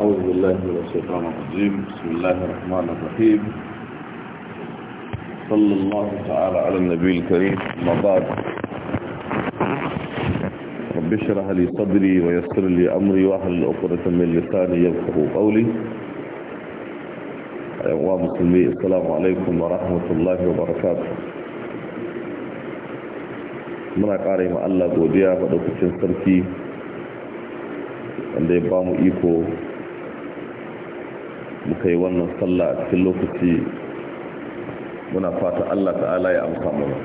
أعوذ بالله من الشيطان الرجيم بسم الله الرحمن الرحيم صلى الله تعالى على النبي الكريم أما بعد رب اشرح لي صدري ويسر لي أمري وأهل عقدة من لساني يفقه قولي أيها المسلمين السلام عليكم ورحمة الله وبركاته من ƙara yi Allah godiya maɗaukacin sarki wanda ya ba muka yi wannan sallah a cikin lokaci muna fata Allah ta'ala ya amsa mana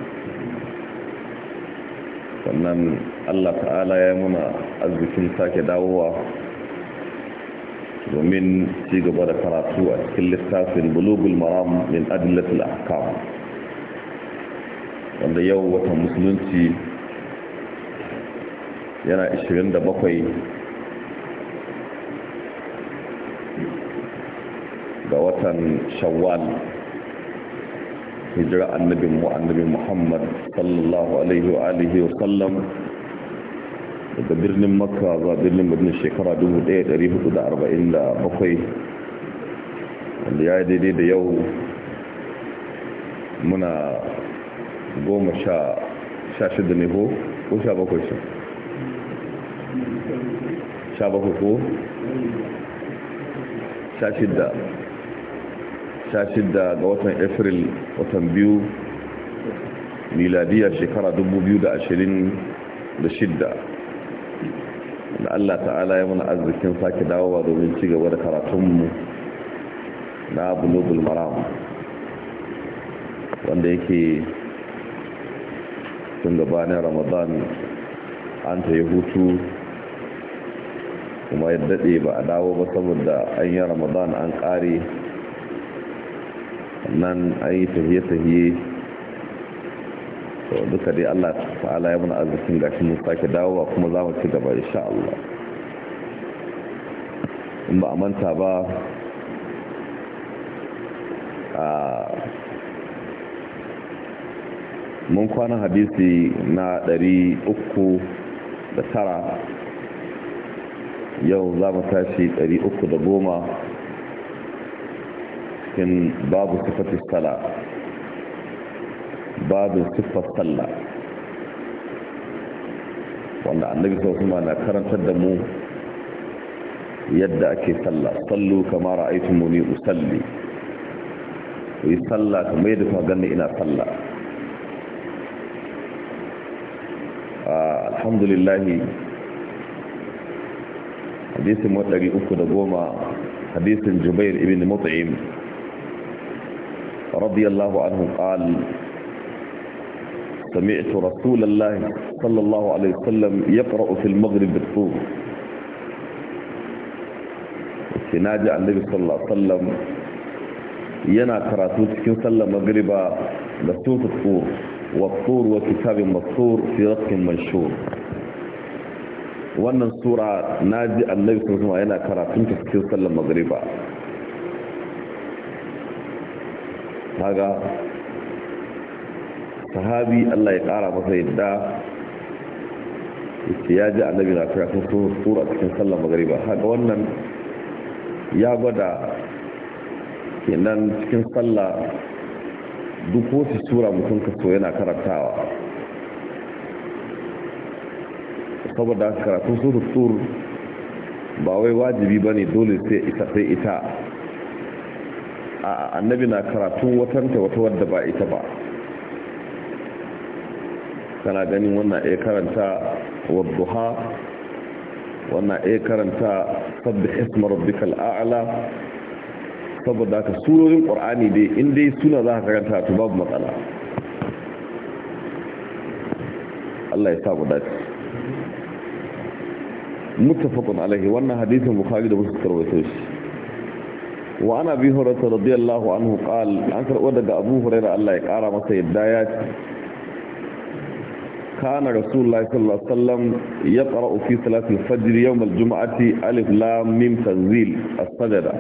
sannan Allah ta'ala ya muna arzikin sake dawowa domin ci gaba da karatu a cikin littafin bulugul maram min adilatul ahkam wanda yau watan musulunci yana 27 watan shawwal hijira annabin mu annabi muhammad sallallahu alaihi wa alihi wa sallam daga birnin makka zuwa birnin birnin shekara 1447 wanda ya yi daidai da yau muna goma sha sha shida ne ko ko sha bakwai shi sha bakwai ko sha shida 16 ga watan april watan biyu miladiyar shekara 2026 da Allah ta'ala ya mana arzikin sake dawowa domin ci gaba da karatunmu na bulugul maram wanda yake tun gabanin ramadan an ta yi hutu kuma ya daɗe ba a dawo ba saboda an yi ramadan an ƙare nan an yi tafiye-tafiye to duka dai Allah ta'ala ya muna arzikin gashi mu sake dawowa kuma za mu ci gaba insha Allah in ba a manta ba a mun kwana hadisi na ɗari uku da tara yau za mu tashi ɗari uku da goma cikin babu sifatis sala babu sifatis sallah wanda annabi sallallahu na karantar da mu yadda ake sallah sallu kama ra'aytumuni usalli ku yi sallah kamar yadda kuka ganni ina sallah ah, alhamdulillah hadisin 310 hadisin jubair ibn mut'im رضي الله عنه قال سمعت رسول الله صلى الله عليه وسلم يقرأ في المغرب بالطور سناجع النبي صلى الله عليه وسلم ينا كراتوت كن صلى مغربا لسوت الطور والطور وكتاب مطور في رق منشور wannan sura na ji annabi kuma yana karatun ta cikin sallar magriba kaga sahabi Allah ya kara masa yadda ya ji annabi na karatun tura cikin sallar magariba haka wannan ya gwada kenan cikin sallah duk wata sura mutum ka so yana karantawa saboda karatun sun tur ba wai wajibi ba ne dole sai ita sai ita annabi na karatun watanta wata wadda ba ita ba kana ganin wannan ya karanta wadduha wannan ya karanta sabbi ismar rabbikal a'la saboda ka surorin qur'ani dai in dai suna za ka karanta to babu matsala Allah ya sa mu dace muttafaqun alaihi wannan hadisin bukhari da muslim tarwaito wa ana bi hurata radiyallahu anhu qal an karbo daga abu hurairah Allah ya kara masa yadda ya ce kana rasulullahi sallallahu alaihi wasallam yaqra fi salati al-fajr yawm al-jum'ati alif lam mim tanzil as-sajda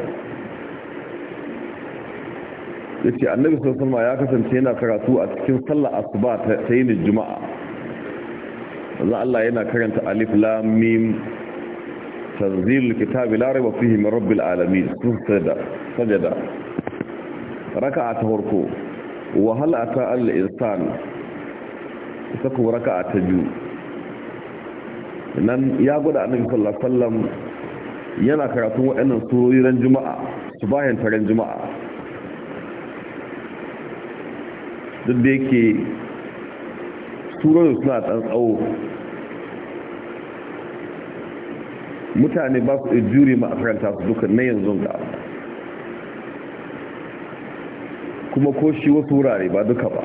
yace annabi sallallahu alaihi wasallam ya kasance yana karatu a cikin sallar asuba ta yini juma'a Allah yana karanta alif lam تنزيل الكتاب لا ريب فيه من رب العالمين سجد سجد ركعة هركو وهل أتى الإنسان تكو ركعة جو nan ya gwada annabi sallallahu alaihi yana karatu waɗannan surori ran juma'a subahin taran juma'a duk da yake surorin suna tsan tsawo mutane ba su jure ma a karanta su duka na yanzu ga kuma ko shi wasu wurare ba duka ba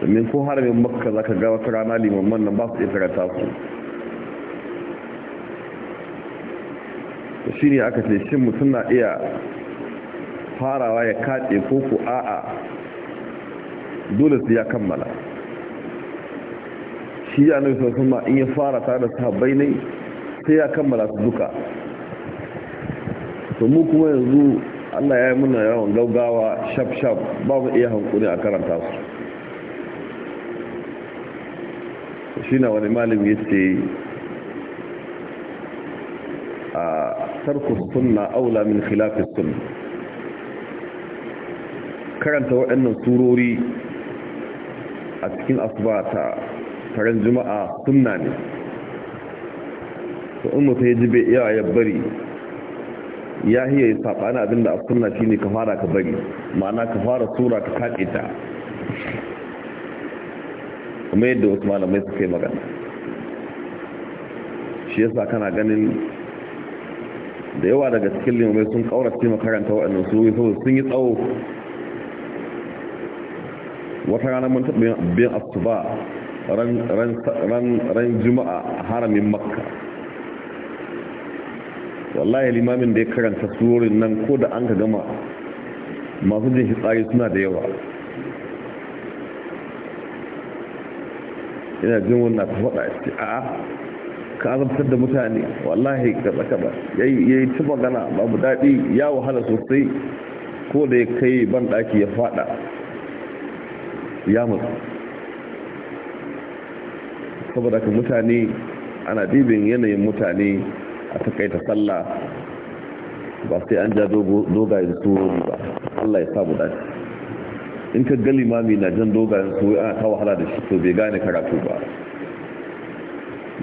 domin ko harbin makka za ka ga wata rana limamman nan ba su iya karanta su shi ne aka ce shin mutum na iya farawa ya kaɗe ko ku a'a dole su ya kammala shi ya nufi ma in ya fara tare da sahabbai ne sai ya kammala su duka to mu kuma yanzu allah ya yi muna yawan gaugawa shaf shaf ba iya hankuri a karanta su shi na wani malami ya ce a sun sunna aula min khilafis sun karanta waɗannan surori a cikin asibata karen juma'a sunna ne to in mutum ya ji bai iya ya bari ya yi ya ana abinda a sunna shi ne ka fara ka bari ma'ana ka fara sura ka kaɗe ta kuma yadda wasu malamai su kai magana shi yasa kana ganin da yawa daga cikin limamai sun cikin makaranta waɗannan yi saboda sun yi tsawo wata rana mun taɓa biyan asuba ran juma'a haramin makka wallahi limamin da ya karanta surorin nan ko da an ka gama masu jin shi suna da yawa ina jin wannan ta faɗa ce a ka azabtar da mutane wallahi ba ya yi ta magana babu daɗi ya wahala sosai ko da ya kai ban ɗaki ya faɗa ya mutu saboda ka mutane ana dibin yanayin mutane a takaita sallah ba sai an ja dogayen surori ba Allah ya samu dace in ka ga mami na jan dogayen surori ana ta wahala da shi to bai gane karatu ba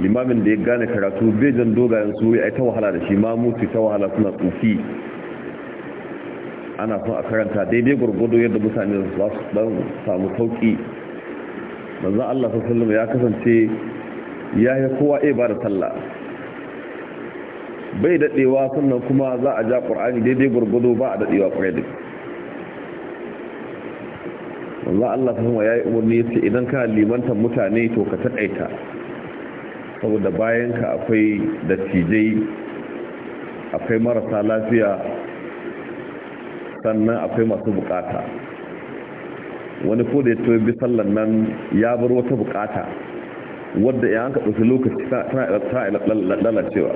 limamin da ya gane karatu bai jan dogayen surori ai ta wahala da shi ma mutu ta wahala suna tsufi ana son a karanta daidai gwargwado yadda mutane za su samu sauki manzan Allah sassalin ya kasance ya yi kowa iya ba da sallah bai daɗewa sannan kuma za a ja ƙur'ani daidai gwargwado ba a daɗewa ƙwarai da manzan Allah sassalin ya yi umarni ya ce idan ka limantar mutane to ka taɗaita saboda bayan ka akwai dattijai akwai marasa lafiya sannan akwai masu bukata wani ko da ya bi sallan nan ya bar wata bukata wadda ya hanka ɗauki lokaci tana lalacewa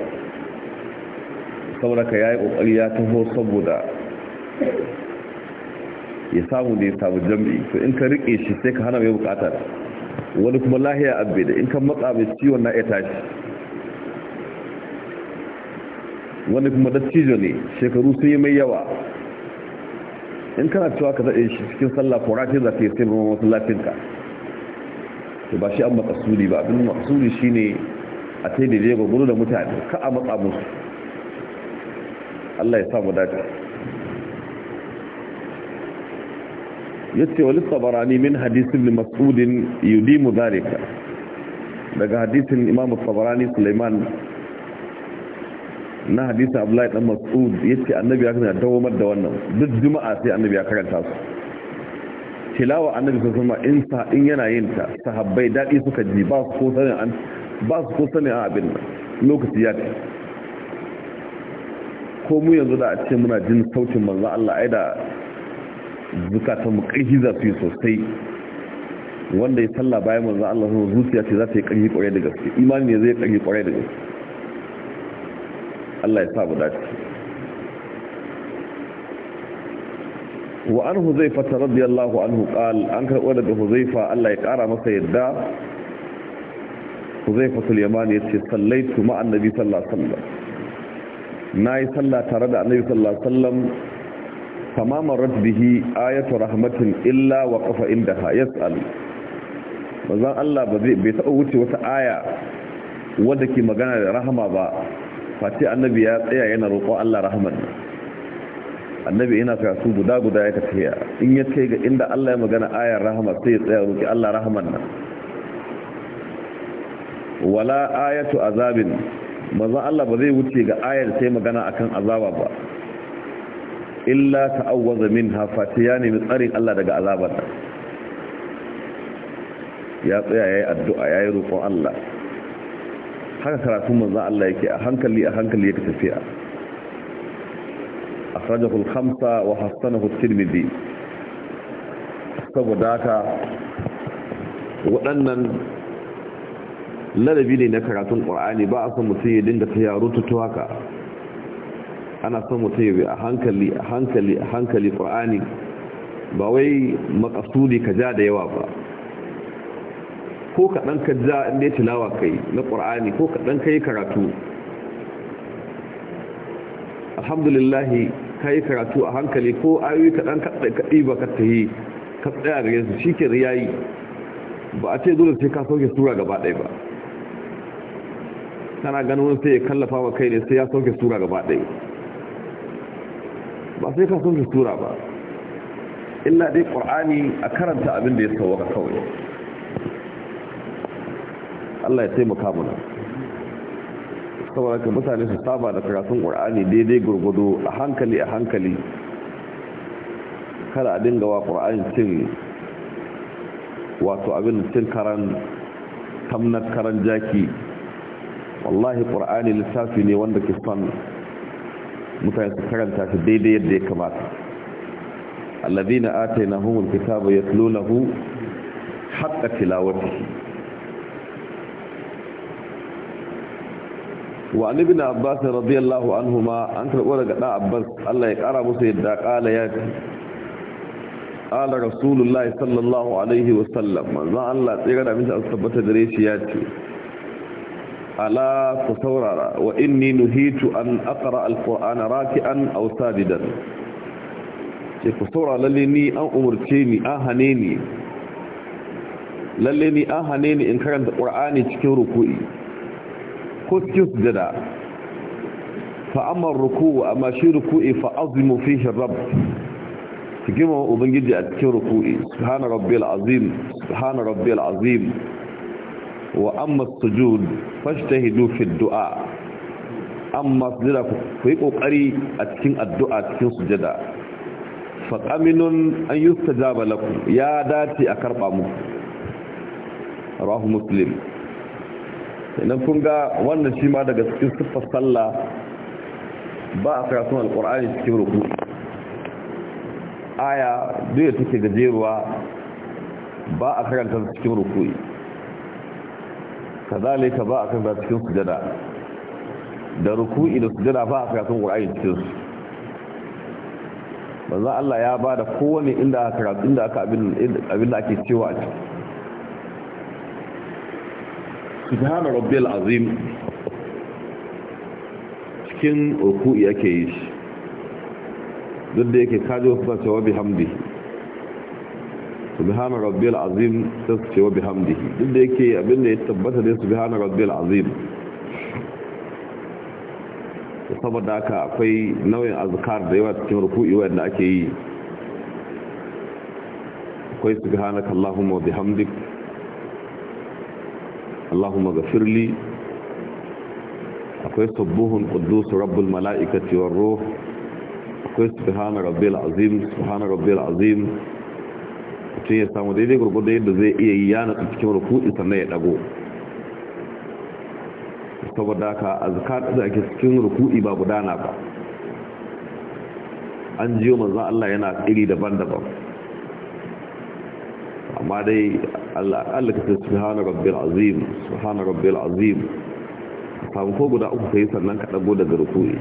saboda ka ya yi ƙoƙari ya taho saboda ya samu da ya samu jam'i to in ka riƙe shi sai ka hana mai bukata wani kuma lahiya abbe da in ka matsa mai ciwon na ya tashi wani kuma dattijo ne shekaru sun yi mai yawa in kana cewa ka zaɗe shi cikin sallah ko rafin zafi sai ba wasu lafinka, to ba shi an makasudi ba abin makasudi shi ne a ta yi jego gudu da mutane ka a matsa musu Allah ya samu dace ya ce wani tsabarani min hadisun da masudin yudimu zarika daga hadisun imamu tsabarani suleiman na hadisa abdullahi dan mas'ud yace annabi ya kana dawamar da wannan duk juma'a sai annabi ya karanta su tilawa annabi sallallahu in sa in yana yin ta sahabbai dadi suka ji ba su ko sanin an ba su ko sanin abin nan lokaci ya tafi ko mu yanzu da a ce muna jin saukin manzo Allah ai da zukatan mu karfi za su yi sosai wanda ya salla bayan manzo Allah zuciya ce za ta yi karfi kwarai da gaske imani ne zai karfi kwarai da gaske Allah ya sabu dace wa an huzaifa ta radiyallahu anhu qal an karɓo daga huzaifa Allah ya ƙara masa yadda huzaifa tul yamani ya ce sallaitu ma annabi sallallahu alaihi wasallam nayi sallah tare da annabi sallallahu alaihi wasallam tamamar radbihi ayatu rahmatin illa wa qafa indaha yas'al bazan Allah ba zai bai taɓa wuce wata aya wadda ke magana da rahama ba Fati annabi ya tsaya yana roƙon Allah rahman annabi yana su guda guda ya tafiya in ya kai ga inda Allah ya magana ayar rahama sai ya tsaya roƙi Allah rahman nan wala ayatu azabin manzon Allah ba zai wuce ga ayar sai magana akan azaba ba illa ta'awwaza minha ya nemi tsarin Allah daga azabar ya tsaya yayi addu'a yayi roƙon Allah haka karatun manzan Allah yake a hankali a hankali yake tafiya akhrajahu al-khamsa wa hasanahu at-tirmidhi saboda haka waɗannan ladabi ne na karatun ƙur'ani ba a son mutum ya dinga ta yaro tutu haka ana son mutum ya a hankali a hankali a hankali Kur'ani. ba wai makasudi ka ja da yawa ba ko kaɗan ka ja inda ya tilawa kai na ƙur'ani ko kaɗan ka yi karatu alhamdulillahi ka yi karatu a hankali ko ayoyi kaɗan kaɗi ba ka ta yi, ka tsaya ga su shi ke riyayi ba a ce dole sai ka sauke sura gaba ɗaya ba tana ganin wani sai ya kallafa wa kai ne sai ya sauke sura gaba ɗaya ba sai ka sauke sura ba illa dai ƙur'ani a karanta abin da ya sauwa kawai Allah ya taimaka mana saboda mutane su saba da karatun qur'ani daidai gurgudu a hankali a hankali kada a dinga wa qur'ani cin wato abin cin karan tamnar karan jaki wallahi qur'ani lissafi ne wanda ke son mutane su karanta shi daidai yadda ya kamata alladhina atainahumul kitaba yatlunahu haqqa tilawatihi wa an ibn abbas radiyallahu anhuma an karbo daga da abbas Allah ya kara musu yadda kala ya ala rasulullahi sallallahu alaihi wa sallam manzo Allah tsira da a tabbata gare shi ya ce ala ku saurara wa inni nuhitu an aqra alqur'ana raki'an aw sajidan ce ku saura lalle ni an umurce ni an hane ni lalle ni an hane ni in karanta qur'ani cikin ruku'i ko cikin sujada fa amma ruku'u amma shi ruku'i fa azimu fihi rabb hikima ubangiji a cikin ruku'i subhana rabbil azim subhana rabbil azim wa amma sujud fajtahidu fi du'a amma sujada ku yi kokari a cikin addu'a cikin sujada fa qaminun an yustajaba lakum ya dace a karba muku rawahu muslim idan kun ga wannan shi ma daga cikin siffar sallah ba a karatun alkur'ani cikin ruku aya duk da take gajeruwa ba a karanta cikin ruku kazalika ba a karanta cikin sujada da ruku da sujada ba a karatun qur'ani cikin su manzo Allah ya bada kowane inda aka karatu inda aka abin abin da ake cewa a cikin subhana rabbil azim cikin ruku'i yake yi duk da yake kaji wasu sace wa bihamdi subhana rabbil azim sai su ce wa bihamdi duk da yake da ya tabbata dai subhana rabbil azim saboda haka akwai nau'in azkar da yawa cikin ruku'i wanda ake yi akwai subhanaka allahumma wa bihamdika Allahumma gafirli akwai subuhun quddus rabbul mala'ikati war ruh akwai subhana rabbil azim subhana rabbil azim mutum ya samu daidai gurgurda yadda zai iya yi yana cikin ruku'i sannan ya dago saboda ka azkar da ake cikin ruku'i ba gudana ba an jiyo manzon Allah yana iri daban-daban amma dai Allah ka tafi hana rabbi azim subhana rabbi al'azim samun ko guda uku ka yi sannan ka ɗago daga rukui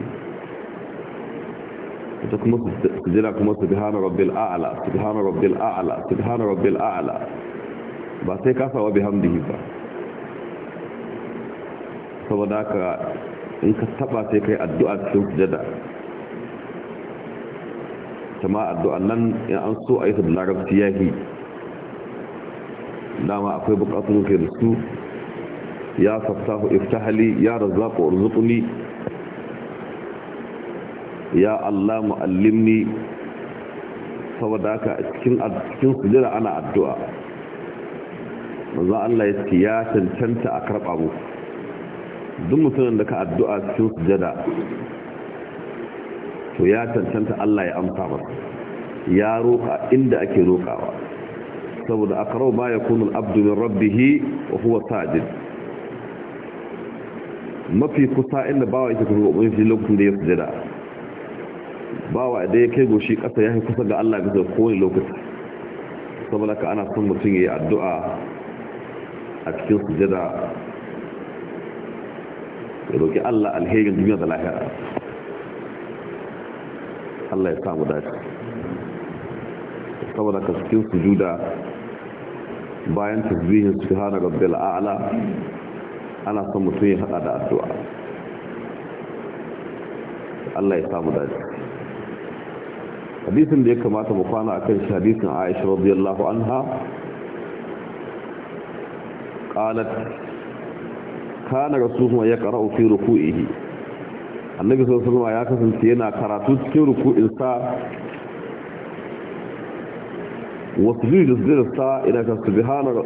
ita kuma su jira kuma su subhana rabbi al'ala subhana rabbi su subhana rabbi al'a'ala ba sai ka sawa bihamdihi ba saboda ka in ka taba sai kai addu'a cikin sujada kama addu'an nan in an so a yi ta da larabci yahi dama akwai bukatun kai da su ya fattahu iftahali ya razzaqu urzuqni ya Allah muallimni saboda haka a cikin cikin sujada ana addu'a manzo Allah ya ya cancanta a karba mu duk mutumin da ka addu'a cikin sujada to ya cancanta Allah ya amsa masa ya roka inda ake rokawa saboda aqrab ma yakunu kunun abdu rabbi rabbih wa huwa sajid mafi kusa inda bawa yake kuma ubin shi lokacin da ya sujada bawa da ya kai goshi kasa ya kusa ga Allah bisa kowane lokaci saboda ka ana son mutum ya yi addu'a a cikin sujada ya roƙi Allah alherin duniya da lahira Allah ya samu dace saboda ka cikin sujuda bayan su hana rabbi a'la ana son mutum ya hada da addu'a Allah ya samu daji. hadisin da ya kamata mu kwana kan shi hadisin Aisha radiyallahu anha su kuma ya yaqra'u fi ruku'ihi annabi sun suna ya kasance yana karatu cikin ruku'insa وسجود الزرسة إنك سبحانك,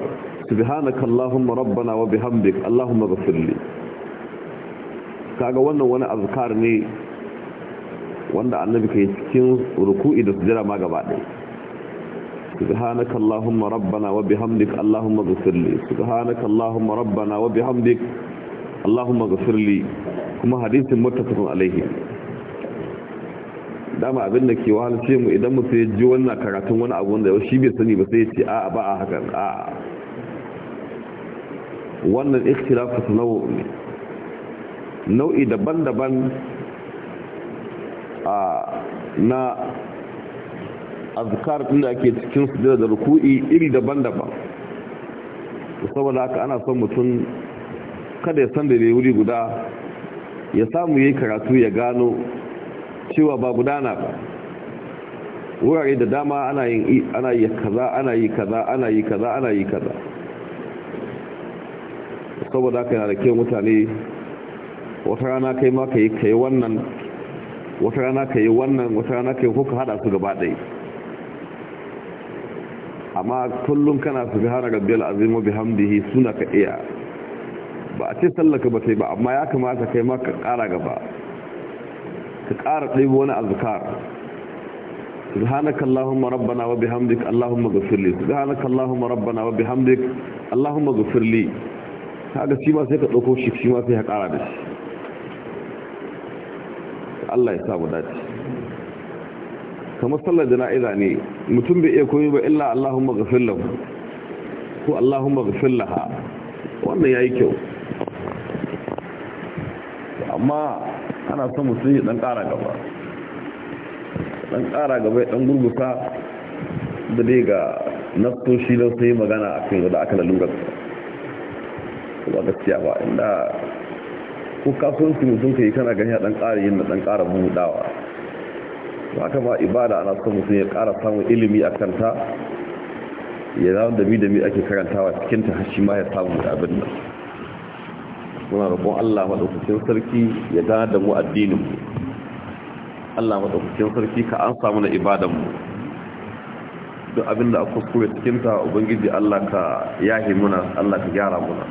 سبحانك اللهم ربنا وبحمدك اللهم غفر لي kaga wannan wani azkar ne wanda annabi kai cikin ruku'i da sujjada ma gaba ɗaya subhanaka allahumma rabbana wa bihamdik allahumma ghfir li subhanaka allahumma rabbana wa bihamdik allahumma ghfir li kuma hadisin muttafaqun Alayhi. dama abin da ke wahalce mu idan mu sai ji wannan karatun wani abu wanda shi bai sani ba sai ce a ba a hakan a wannan ikhtilafu tanawu ne nau'i daban-daban a na azkar din da ake cikin su da ruku'i iri daban-daban saboda haka ana son mutum kada ya san da wuri guda ya samu yayi karatu ya gano cewa ba gudana ba wurare da dama ana yin ana yi kaza ana yi kaza ana yi kaza ana yi kaza saboda haka yana da kyau mutane wata rana kai ma kai kai wannan wata rana kai wannan wata rana kai kuka hada su gaba ɗaya amma kullum kana su gahara rabbiyal azimu bihamdihi suna ka iya ba a ce sallaka ba sai ba amma ya kamata kai ma ka ƙara gaba ka ƙara ɗaibu wani azkar subhanaka allahumma rabbana wa bihamdik allahumma ghfirli subhanaka rabbana wa bihamdik allahumma ghfirli kaga shi ma sai ka dauko shi shi ma sai ka ƙara da shi Allah ya sa mu dace kamar sallar jana'iza ne mutum bai iya koyi ba illa allahumma ghfir lahu ko allahumma ghfir laha wannan yayi kyau amma ana son musu yi dan ƙara gaba dan ƙara gaba dan gurgusa da dai ga naftoshi don sai magana a kan yadda aka lalura ba gaskiya ba inda ko kasuwanci mutum ka yi kana gani a dan kara yin da dan ƙara buɗawa ba ka ba ibada ana son mutum ya ƙara samun ilimi a kanta ya zama da bi ake karantawa cikin ta shi ma ya samu abin nan muna roƙon Allah maɗaukakin sarki ya da da mu addininmu Allah maɗaukakin sarki ka an samu na ibadanmu duk da aka kuskure cikinta ubangiji Allah ka yahi muna Allah ka gyara muna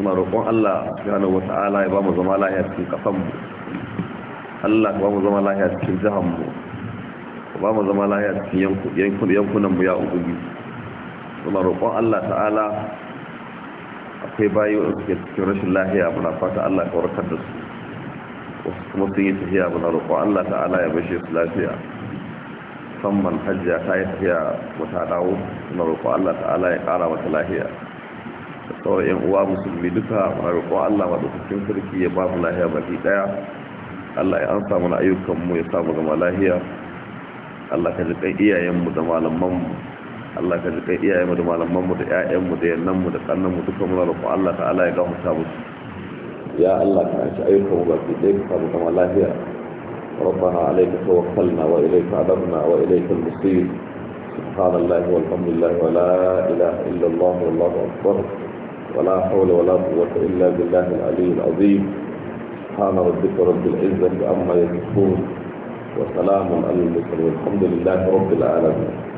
muna roƙon Allah subhanahu wata'ala ya ba mu zama lahiya cikin kasanmu Allah ya ba mu zama lahiya cikin jihanmu ba mu zama lahiya cikin yankunanmu ya ubangiji muna roƙon Allah ta'ala sai bayi wa suke cikin rashin lahiya muna fata Allah ka warkar da su wasu kuma sun yi tafiya muna roƙo Allah ta'ala ya bashe su lafiya musamman hajjiya ta yi tafiya wata dawo muna roƙo Allah ta'ala ya ƙara mata lahiya da sauran yan uwa musulmi duka muna roƙo Allah ma maɗaukakin sarki ya ba mu lahiya baki ɗaya Allah ya ansa mana ayyukanmu ya samu zama lahiya Allah ka ji kan iyayenmu da malamanmu Allah ka jiƙa iyayenmu ربنا عليك توكلنا وإليك عذبنا وإليك المصير سبحان الله والحمد لله ولا إله إلا الله والله أكبر ولا حول ولا قوة إلا بالله العلي العظيم سبحان ربك رب العزة عما يصفون وسلام على المرسلين والحمد لله رب العالمين